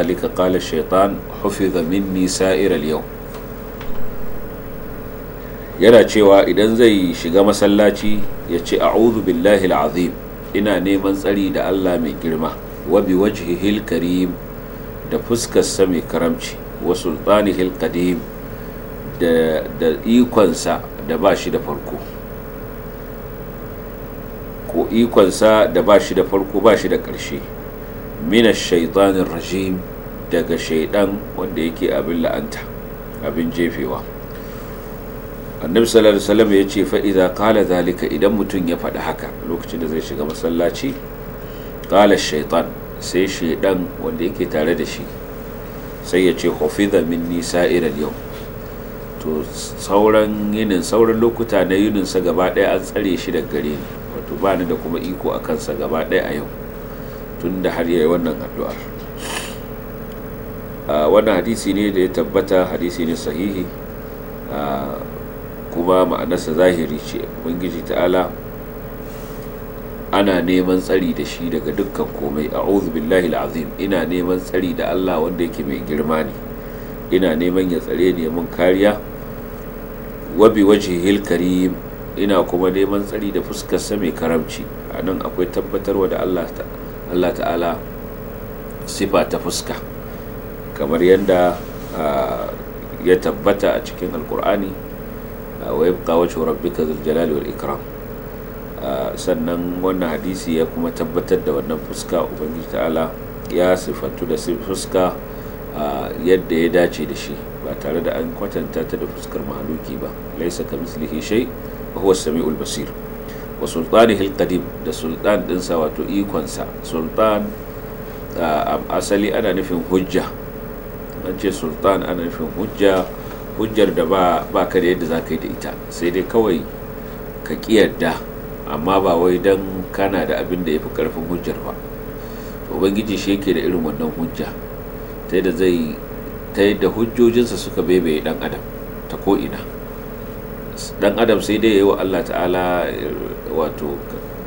ذلك قال الشيطان حفظ مني سائر اليوم yana cewa idan zai shiga masallaci ya ce a'udhu billahi al'azim ina neman tsari da Allah mai girma wabi bi karim da fuskarsa mai karamci wa sultanihil qadim da da ikonsa da ba shi da farko ko ikonsa da ba shi da farko ba shi da ƙarshe mina shaitanin rajim daga shaidan wanda yake abin la'anta abin jefewa annabi sallallahu alaihi wasallam ya ce fa'iza kala zalika idan mutum ya faɗi haka lokacin da zai shiga masallaci kala shaitan sai shaidan wanda yake tare da shi sai ya ce hufiza nisa sa'iral yau to sauran yinin sauran lokuta na yininsa gaba ɗaya an tsare shi da gare ni wato ba ni da kuma iko a kansa gaba ɗaya a yau tun da har yayi wannan addu'ar Ah, wannan hadisi ne da ya tabbata hadisi ne sahihi ah, kuma ma'anarsa zahiri ce ubangiji ta'ala ana neman tsari da shi daga dukkan komai a billahi azim ina neman tsari da allah wanda yake mai girma ne ina neman ya tsare ne mun kariya wabi waje karim ina kuma neman tsari da fuskarsa mai karamci a nan akwai tabbatarwa da allah ta'ala sifa ta fuska kamar yadda ya tabbata a cikin alkur'ani wa yabqa wajhu rabbika dhul jalali wal ikram sannan wannan hadisi ya kuma tabbatar da wannan fuska ubangiji ta'ala ya sifantu da fuska yadda ya dace da shi ba tare da an kwatanta ta da fuskar mahaluki ba laisa ka mislihi shay wa huwa samiul basir wa sultanihi alqadim da sultan ɗinsa wato ikonsa sultan asali ana nufin hujja an ce sultan ana nufin hujja hujjar da ba ka da yadda za ka yi da ita sai dai kawai ka kiyarda amma ba wai don kana da abin da ya fi karfin hujjar ba ubangiji shi yake da irin wannan hujja ta yadda zai ta yadda hujjojinsa suka bebe dan adam ta ko'ina dan adam sai dai ya yi wa allah ta'ala wato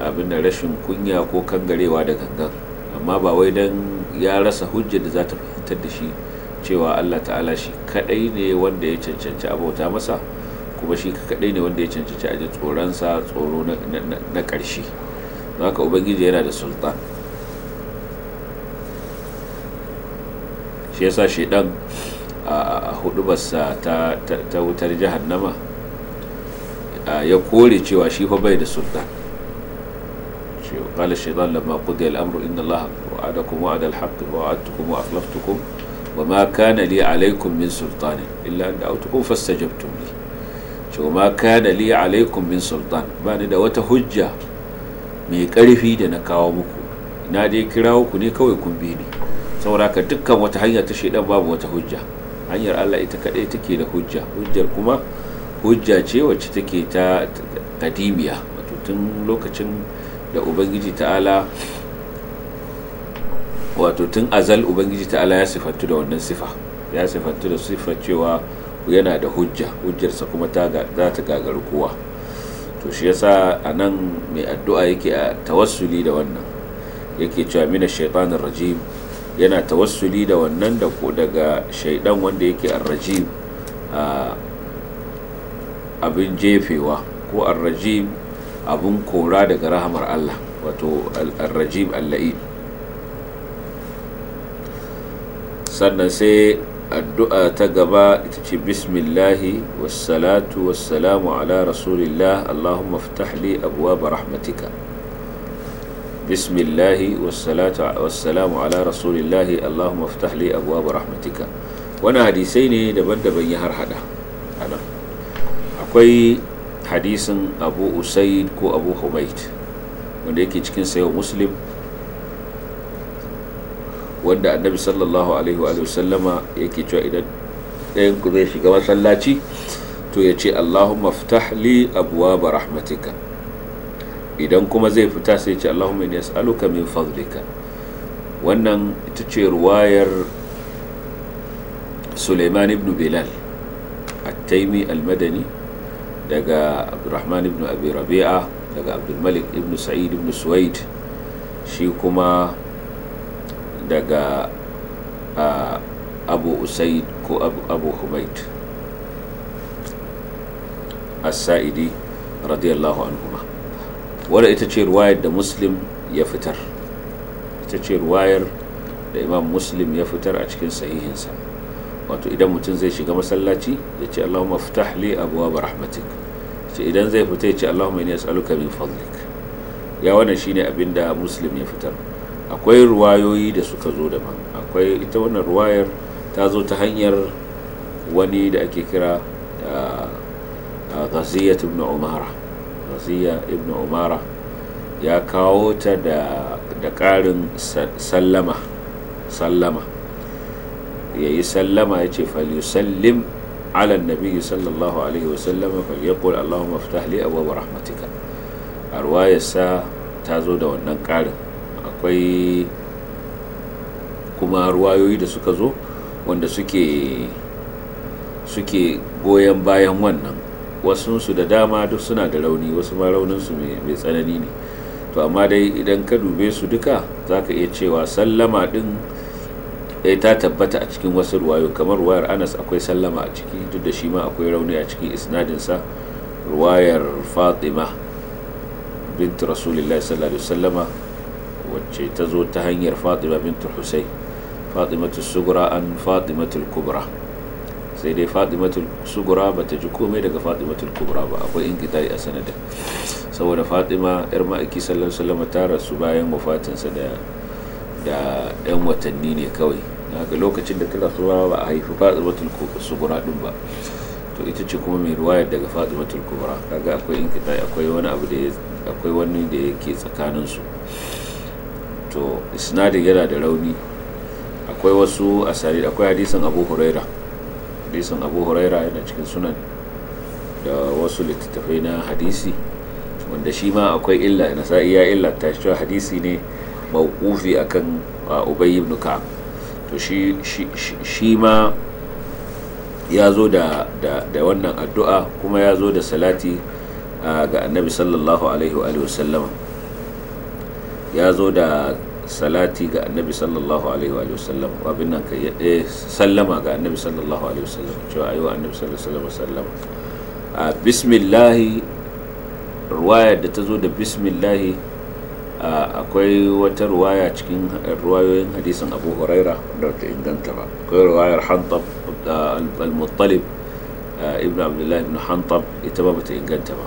abin da rashin kunya ko kangarewa da gangan amma ba wai don ya rasa hujjar da za ta fitar da shi cewa Allah ta'ala shi kadai ne wanda ya cancanci abota masa kuma shi kadai ne wanda ya cancanci a tsoronsa tsoro na ƙarshe haka ubangiji yana da sultan shi yasa shaidan a hudubarsa ta wutar jahannama ya kore cewa shi fa bai da sultan قال الشيطان لما قضي الأمر إن الله وعدكم وعد الحق ووعدتكم وأخلفتكم wa ma kana li alaikum min sultanin illa an da'awtukum fastajabtum li ce wa ma kana li alaikum min sultan ba ni da wata hujja mai karfi da na kawo muku na dai kirawo ku ne kawai kun bi ni saboda ka dukkan wata hanya ta shaidan babu wata hujja hanyar Allah ita kadai take da hujja hujjar kuma hujja ce wacce take ta kadimiya wato tun lokacin da ubangiji ta'ala wato tun azal ubangiji ta'ala ya sifantu da wannan sifa ya sifantu da sifa cewa yana da hujja hujjarsa kuma za ta gagar kowa to shi yasa a nan mai addu'a yake a tawassuli da wannan yake cewa mina shaitanin rajim yana tawassuli da wannan da ko daga shaidan wanda yake a abin jefewa ko rajim abin kora daga rahamar allah wato arrajim allah'in sannan sai addu'a ta gaba ita ce bismillahi wassalatu wassalamu ala rasulillah allahumma fitah li abuwa rahmatika bismillahi wassalamu ala rasulillah allahumma fitah li abuwa rahmatika wani hadisai ne daban-daban ya har hada akwai hadisin abu usaid ko abu humaid wanda yake cikin sayo muslim wanda annabi sallallahu alaihi wa sallama yake cewa idan ɗayan ku zai shiga masallaci to ya ce Allahumma ftah li abwaaba rahmatika idan kuma zai fita sai ce Allahumma inni as'aluka min fadlika wannan ita ce ruwayar Suleiman ibn Bilal at-Taimi al-Madani daga Abdurrahman ibn Abi Rabi'a daga Abdul Malik ibn Sa'id ibn Suwaid shi kuma daga abu usaid ko abu hubaid as-sa'idi radiyallahu anhu. wadda ita ce ruwayar da muslim ya fitar ita ce ruwayar da imam muslim ya fitar a cikin sahihinsa wato idan mutum zai shiga masallaci ya ce allahumma fitah li abuwa rahmatik ce idan zai fita ya ce allahumma inni as'aluka min fadlik ya wannan shine abinda muslim ya fitar akwai ruwayoyi da suka zo daban akwai ita wannan ruwayar ta zo ta hanyar wani da ake kira ah, ah, ghaziya ibn umara ibn umara ya kawo ta da ƙarin sallama sallama ya yi sallama ya ce falyusallim ala nabi sallallahu alaihi wasallama falyakul allahumma fitah li abubuwa rahmatika a ruwayarsa ta zo da wannan ƙarin akwai kuma ruwayoyi da suka zo wanda suke suke goyon bayan wannan wasunsu da dama duk suna da rauni wasu ma rauninsu mai tsanani ne to amma dai idan ka dube su duka za ka iya cewa sallama din eh, ta tabbata a cikin wasu ruwayo kamar ruwayar anas akwai sallama a ciki duk da shi ma akwai rauni a cikin isnadinsa ruwayar fatima bint rasulillah sallallahu alaihi wasallama wacce ta zo ta hanyar fatima bintul husai fatimatu sugura an fatimatul kubra sai dai fatimatul sugura ba ta ji komai daga fatimatul kubra ba akwai inkitai a sanadin saboda fatima yar ma'aiki sallallahu alaihi wasallam ta rasu bayan wafatinsa da da yan watanni ne kawai daga lokacin da ta rasu ba a haifi fatimatul sugura din ba to ita ce kuma mai ruwayar daga fatimatul kubra kaga akwai inkitai akwai wani abu da akwai wani da yake tsakanin su wato isnadi yana da rauni akwai wasu asari akwai hadisin abu huraira hadisin abu huraira yana cikin sunan da wasu littattafai na hadisi wanda shi ma akwai illa na sa'iya ya illa ta shi hadisi ne mawqufi akan ubayy ibn ka'ab to shi shi ma ya zo da wannan addu'a kuma ya zo da salati ga annabi sallallahu alaihi wa sallama ya zo da salati ga annabi sallallahu alaihi wa sallam abin nan ka eh, sallama ga annabi sallallahu alaihi wa sallam cewa ayi annabi sallallahu alaihi wa sallam a bismillah Ruwaya da ta zo da bismillah akwai wata ruwaya cikin ruwayoyin hadisin abu huraira da ta inganta ba akwai ruwayar hantab al-muttalib ibn abdullah ibn hantab ita ba ta inganta ba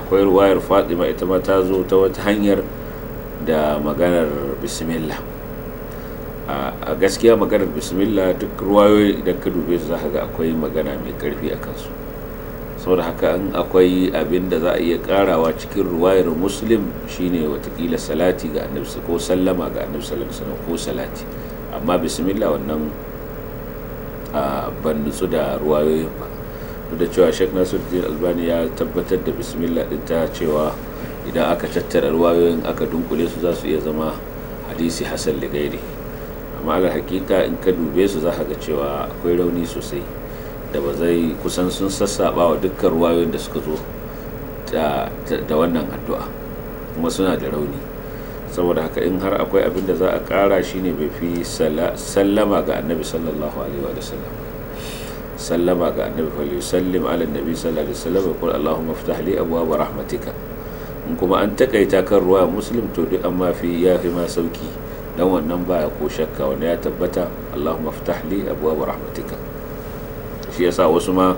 akwai ruwayar fatima ita ma ta zo ta wata hanyar da maganar bismillah a gaskiya maganar bismillah duk ruwayoyi idan ka dube su za ga akwai magana mai karfi a kansu saboda haka in akwai abin da za a iya karawa cikin ruwayar muslim shine watakila salati ga annabi ko sallama ga annabi sallallahu ko salati amma bismillah wannan ban nutsu da ruwayoyin ba duk da cewa shek nasiruddin albani ya tabbatar da bismillah din ta cewa idan aka tattara ruwayoyin aka dunkule su za su iya zama hadisi hasan ligairi amma ga hakika in ka dube su za ga cewa akwai rauni sosai da ba zai kusan sun sassaba wa dukkan ruwayoyin da suka zo da wannan addu'a kuma suna da rauni saboda haka in har akwai abin da za a kara shine bai fi sallama ga annabi sallallahu alaihi wa sallam sallama ga annabi fa sallim ala annabi sallallahu alaihi wa sallam qul allahumma iftah li abwaab rahmatika kuma an takaita kan ruwa muslim to duk an mafi ya fi ma sauki dan wannan baya ko shakka wanda ya tabbata allahumma ftah li abwaab rahmatika shi yasa wasu ma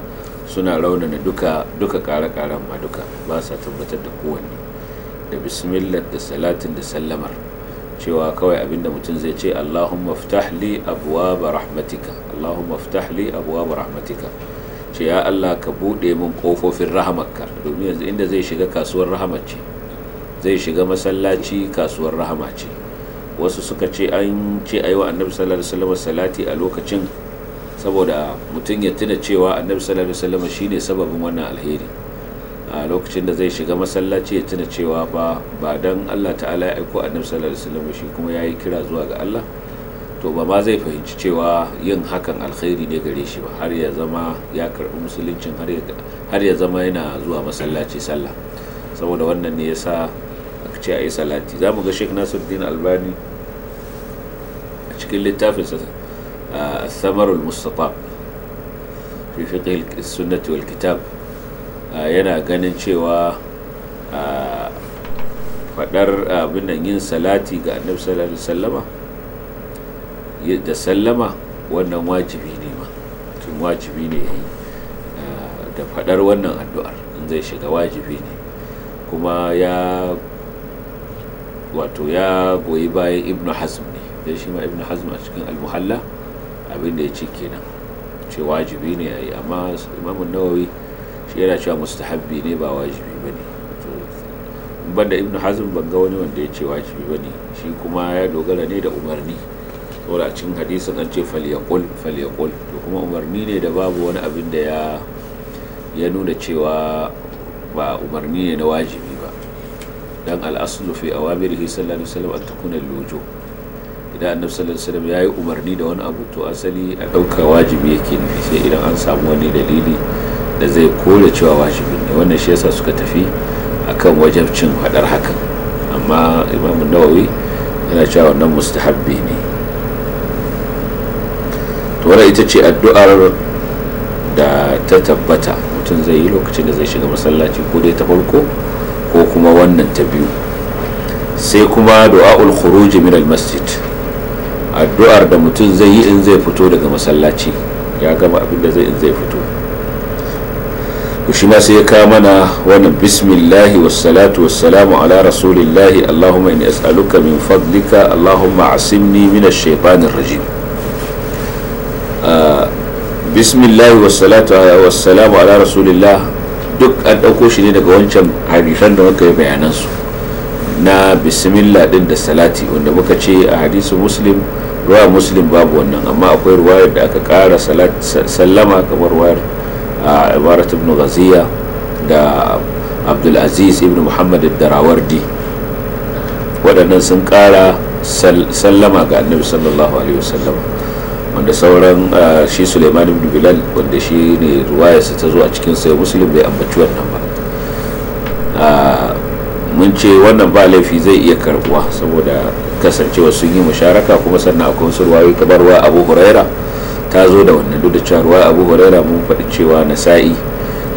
suna raunana duka duka kare karen ma duka ba sa tabbatar da kowanne da bismillah da salatin da sallamar cewa kawai abinda mutum zai ce allahumma ftah li abwaab rahmatika allahumma ftah li abwaab rahmatika ce ya Allah ka buɗe min ƙofofin rahamarka domin yanzu inda zai shiga kasuwar rahama zai shiga masallaci kasuwar rahama ce wasu suka ce an ce a yi wa annabi sallallahu alaihi salati a lokacin saboda mutum ya tuna cewa annabi sallallahu alaihi wasallam shine sababin wannan alheri a lokacin da zai shiga masallaci ya tuna cewa ba ba dan Allah ta'ala ya aiko annabi sallallahu alaihi shi kuma ya yi kira zuwa ga Allah to ba ma zai fahimci cewa yin hakan alkhairi ne gare shi ba har ya zama ya karɓi musuluncin har ya zama yana zuwa masallaci sallah saboda wannan ne yasa aka ce a yi salati za mu ga sheikh nasiruddin albani a cikin littafinsa samarul mustapha fi sunnati wal kitab yana ganin cewa faɗar abin yin salati ga annabi sallallahu alaihi wasallama da sallama wannan wajibi ne ma tun wajibi ne ya yi eh, da faɗar wannan addu'ar in zai shiga wajibi ne kuma ya wato ya goyi bayan ibn hazm ne dan shi ma ibn hazm a cikin almuhalla abin da ya ce kenan ce wajibi ne ya yi amma imamun nawawi shi yana cewa mustahabbi ne ba wajibi ba ne banda ibn hazm ban ga wani wanda ya ce wajibi ba ne shi kuma ya dogara ne da umarni saboda cikin hadisin an ce falyaqul falyaqul to kuma umarni ne da babu wani abin da ya ya nuna cewa ba umarni ne na wajibi ba dan al'aslu fi awamirihi sallallahu alaihi wasallam an takuna lujo idan annabi sallallahu alaihi wasallam yayi umarni da wani abu to asali a dauka wajibi yake nufi sai idan an samu wani dalili da zai kore cewa wajibin ne wannan shi yasa suka tafi akan wajabcin hadar hakan amma imamu nawawi yana cewa wannan mustahabbi ne to wannan ita ce addu'ar da ta tabbata mutum zai yi lokacin da zai shiga masallaci ko dai ta farko ko kuma wannan ta biyu sai kuma du'a'ul khuruj min al-masjid addu'ar da mutum zai yi in zai fito daga masallaci ya gama abin da zai in zai fito to shi ma sai ya kawo mana wannan bismillahi wassalatu wassalamu ala rasulillahi allahumma inni as'aluka min fadlika allahumma asimni min ash-shaytanir rajim bismillahi wassalatu wassalamu ala rasulillah duk an ɗauko shi ne daga wancan hadisan da muka yi bayanansu na bismillah din da salati wanda muka ce a hadisu muslim ruwa muslim babu wannan amma akwai ruwayar da aka ƙara sallama kamar ruwayar a ibarat ibn da abdulaziz ibn muhammad darawardi waɗannan sun ƙara sallama ga annabi sallallahu alaihi wasallam wanda sauran ah, shi suleiman ibn bilal wanda shi ne su ta zo a cikin sai muslim bai ambaci wannan ba ah, mun ce wannan ba laifi zai iya karbuwa saboda kasancewa sun yi musharaka kuma sannan akwai wasu ruwayoyi kamar ruwa abu huraira ta zo da wannan duk da cewa ruwa abu huraira mun faɗi cewa nasa'i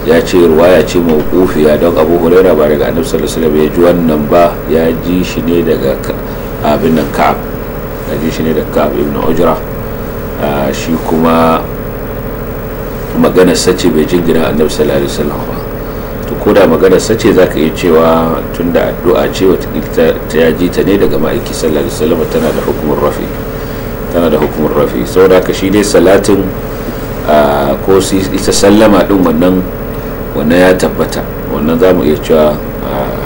ya ce ruwaya ce mawqufiya don abu huraira ba daga annabi sallallahu alaihi wasallam ya ji wannan ba ya ji shi ne daga abin nan ka'ab ya ji shi ne daga ka'ab ibn ujra shi kuma magana sace bai jingina annabi sallallahu alaihi wasallam ba to ko da magana sace ka iya cewa da addu'a ce wata ta yaji ta ne daga ma'aiki sallallahu alaihi wasallam tana da hukumar rafi tana da hukumar rafi saboda haka shi dai salatin ko su ita sallama din wannan wannan ya tabbata wannan za mu iya cewa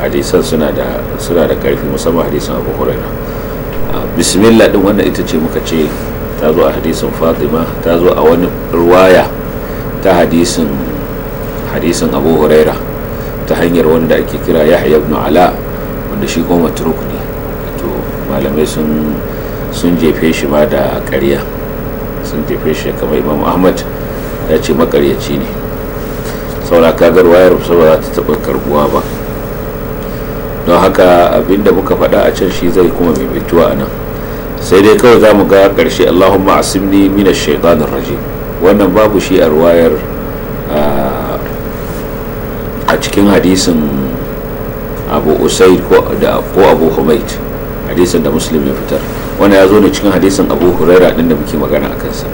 hadisan suna da suna da karfi musamman hadisan Abu Hurairah bismillah din wannan ita ce muka ce ta zo a hadisin fatima ta zo a wani ruwaya ta hadisin hadisin abu huraira ta hanyar wanda ake kira yahya ibn ala wanda shi goma turku ne to malamai sun sun jefe shi ma da ƙarya sun jefe shi kamar imam ahmad ya ce makaryaci ne saura kagar wayar ba za ta taɓa karbuwa ba don haka abinda muka faɗa a can shi zai kuma mai maimaituwa a nan sai dai kawai za mu ga ƙarshe allahumma asimni mina shaitanir rajim wannan babu shi a ruwayar a cikin hadisin abu usaid ko abu humaid hadisin da muslim ya fitar wani ya zo ne cikin hadisin abu huraira din da muke magana a kansa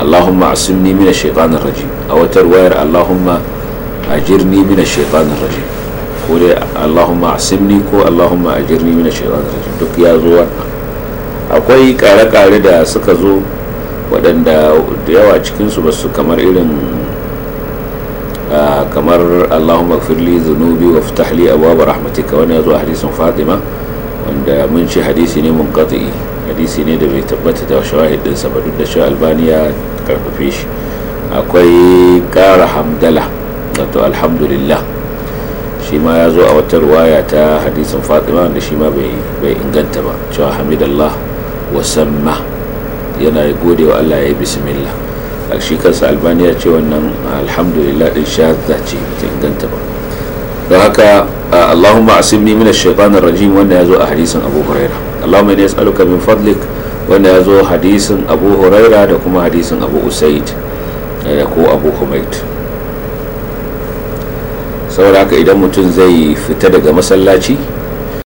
allahumma asimni mina shaitanir rajim a wata ruwayar allahumma ajirni mina shaitanir rajim ko dai allahumma asimni ko allahumma ajirni mina shaitanir rajim duk ya zo wannan akwai kare-kare da suka zo waɗanda da yawa cikinsu ba su kamar irin kamar allahumma firli zunubi wa fitahli abuwa rahmatika wani ya zo a hadisin fatima wanda mun ce hadisi ne mun hadisi ne da bai tabbata da shawahidin ba da shi albaniya karfafe shi akwai kara hamdala wato alhamdulillah shi ma ya zo a wata ruwaya ta hadisin fatima wanda shi ma bai inganta ba cewa hamidallah wasamma yana gode wa Allah ya bismillah a shi kansa albaniya ce wannan alhamdulillah din za ce ta inganta ba don haka allahumma a min ash rajim wanda zo a hadisin abu huraira allahumma inni as'aluka min fadlik wanda yazo hadisin abu huraira da kuma hadisin abu usaid eh, da ko abu saboda haka idan mutum zai fita daga masallaci